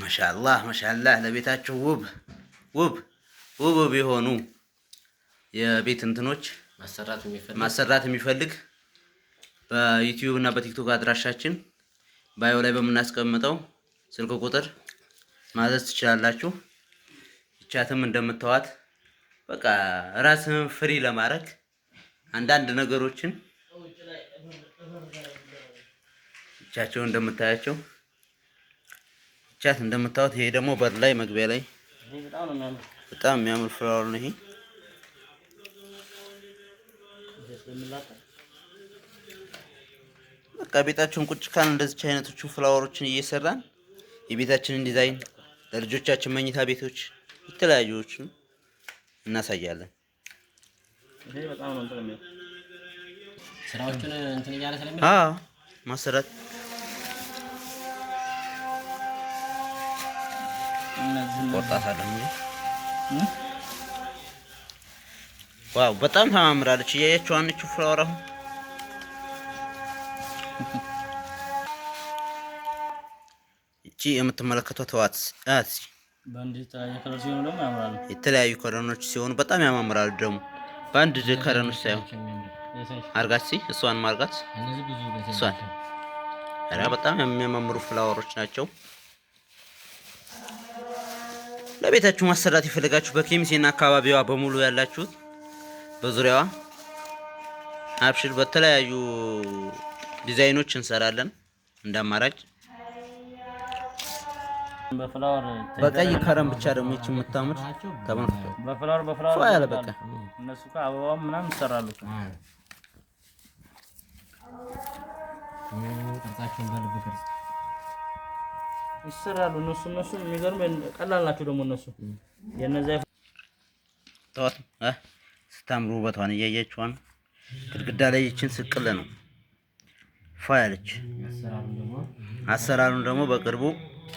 ማሻአላህ ማሻአላህ ለቤታችሁ ውብ ውብ ውብ ውብ የሆኑ የቤት እንትኖች ማሰራት የሚፈልግ በዩቲዩብ እና በቲክቶክ አድራሻችን ባዮ ላይ በምናስቀምጠው ስልክ ቁጥር ማዘዝ ትችላላችሁ። እቻትም እንደምታዋት በቃ ራስህን ፍሪ ለማድረግ አንዳንድ ነገሮችን እቻቸው እንደምታያቸው እቻት እንደምታዩት፣ ይሄ ደግሞ በር ላይ መግቢያ ላይ በጣም የሚያምር ፍላወር ነው። ይሄ በቃ ቤታችሁን ቁጭ ካል እንደዚች አይነቶቹ ፍላወሮችን እየሰራን የቤታችንን ዲዛይን ለልጆቻችን መኝታ ቤቶች የተለያዩዎችን እናሳያለን። ስራዎቹን እንትን እያለ ስለሚ ማሰራት ዋው በጣም ታማምራለች። እያያችሁ አንቺ ፍላወር አሁን እቺ የምትመለከቷት ዋት አት የተለያዩ ከረኖች ሲሆኑ በጣም ያማምራሉ። ደግሞ በአንድ ከረኖች ሳይሆን አርጋት ሲ እሷን ማርጋት እሷን ራ በጣም የሚያማምሩ ፍላወሮች ናቸው። ለቤታችሁ ማሰራት የፈለጋችሁ በኬሚሴና አካባቢዋ በሙሉ ያላችሁት በዙሪያዋ አብሽር በተለያዩ ዲዛይኖች እንሰራለን። እንደ አማራጭ በቀይ ከረም ብቻ ደግሞ ይች የምታምር በፍላወር ያለ በቃ እነሱ አበባም ምናምን ይሰራሉ። ቅርጻቸውን በልብ ቅርጽ ይሰራሉ። እነሱ እነሱ የሚገርም ቀላል ናቸው። ደግሞ እነሱ የነዛ ስታምሩ ውበቷን እያያችኋን ግድግዳ ላይ ይችን ስቅል ነው ፏ አሰራሩን ደግሞ በቅርቡ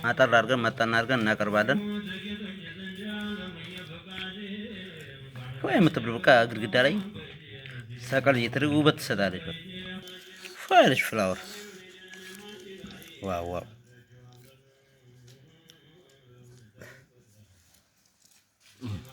አጠር አድርገን መጠን አድርገን እናቀርባለን። ወይ ግድግዳ ላይ ሰቀል እየተደረገ ውበት ትሰጣለች። ፍላወር ዋው ዋው Mm.